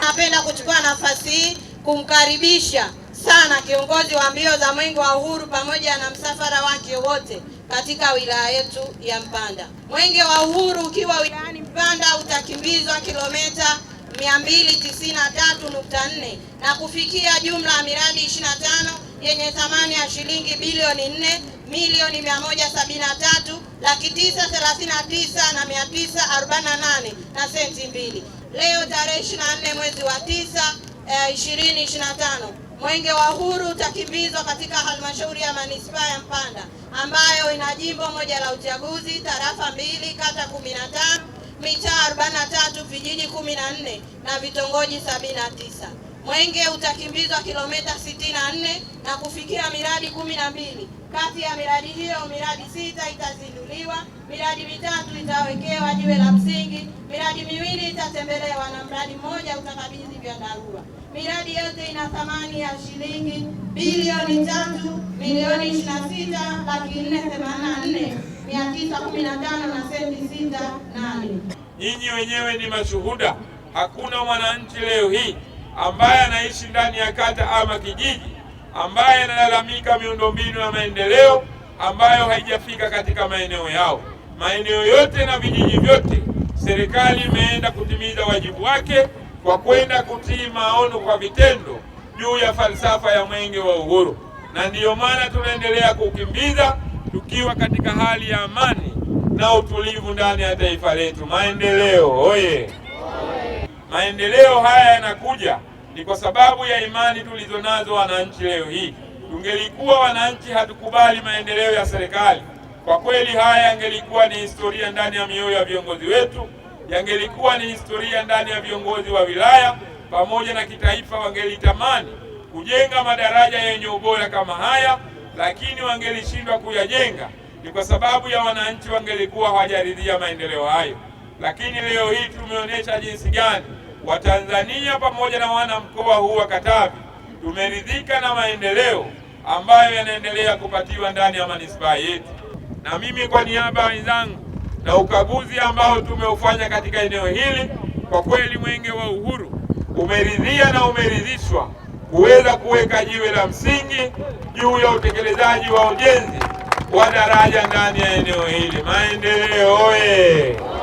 napenda kuchukua nafasi hii kumkaribisha sana kiongozi wa mbio za Mwenge wa Uhuru pamoja na msafara wake wote katika wilaya yetu ya Mpanda. Mwenge wa Uhuru ukiwa wilayani Mpanda utakimbizwa kilometa 293.4 na kufikia jumla ya miradi 25 yenye thamani ya shilingi bilioni 4 milioni 173 laki tisa na 948 na senti mbili. Leo tarehe 24 mwezi wa 9 2025 eh, Mwenge wa Uhuru utakimbizwa katika halmashauri ya manispaa ya Mpanda ambayo ina jimbo moja la uchaguzi, tarafa mbili, kata 15 mitaa 43 vijiji 14 na vitongoji 79. Mwenge utakimbizwa kilomita 64 na kufikia miradi 12. Kati ya miradi hiyo, miradi sita itazinduliwa, miradi mitatu itawekewa jiwe la msingi, miradi miwili itatembelewa na mradi mmoja utakabidhi vya dharura. Miradi yote ina thamani ya shilingi bilioni tatu milioni 26 laki 484 915 na senti 68. Nyinyi wenyewe ni mashuhuda, hakuna mwananchi leo hii ambaye anaishi ndani ya kata ama kijiji ambaye analalamika miundombinu ya maendeleo ambayo haijafika katika maeneo yao. Maeneo yote na vijiji vyote, serikali imeenda kutimiza wajibu wake kwa kwenda kutii maono kwa vitendo juu ya falsafa ya Mwenge wa Uhuru, na ndiyo maana tunaendelea kukimbiza tukiwa katika hali ya amani na utulivu ndani ya taifa letu. Maendeleo oye! Maendeleo haya yanakuja ni kwa sababu ya imani tulizonazo wananchi leo hii. Tungelikuwa wananchi hatukubali maendeleo ya serikali, kwa kweli haya yangelikuwa ni historia ndani ya mioyo ya viongozi wetu, yangelikuwa ni historia ndani ya viongozi wa wilaya pamoja na kitaifa. Wangelitamani kujenga madaraja yenye ubora kama haya lakini wangelishindwa kuyajenga ni kwa sababu ya wananchi wangelikuwa hawajaridhia maendeleo hayo. Lakini leo hii tumeonyesha jinsi gani Watanzania pamoja na wana mkoa huu wa Katavi tumeridhika na maendeleo ambayo yanaendelea kupatiwa ndani ya manispaa yetu. Na mimi kwa niaba ya wenzangu na ukaguzi ambao tumeufanya katika eneo hili, kwa kweli mwenge wa uhuru umeridhia na umeridhishwa kuweza kuweka jiwe la msingi juu ya utekelezaji wa ujenzi wa daraja ndani ya eneo hili. Maendeleo oye!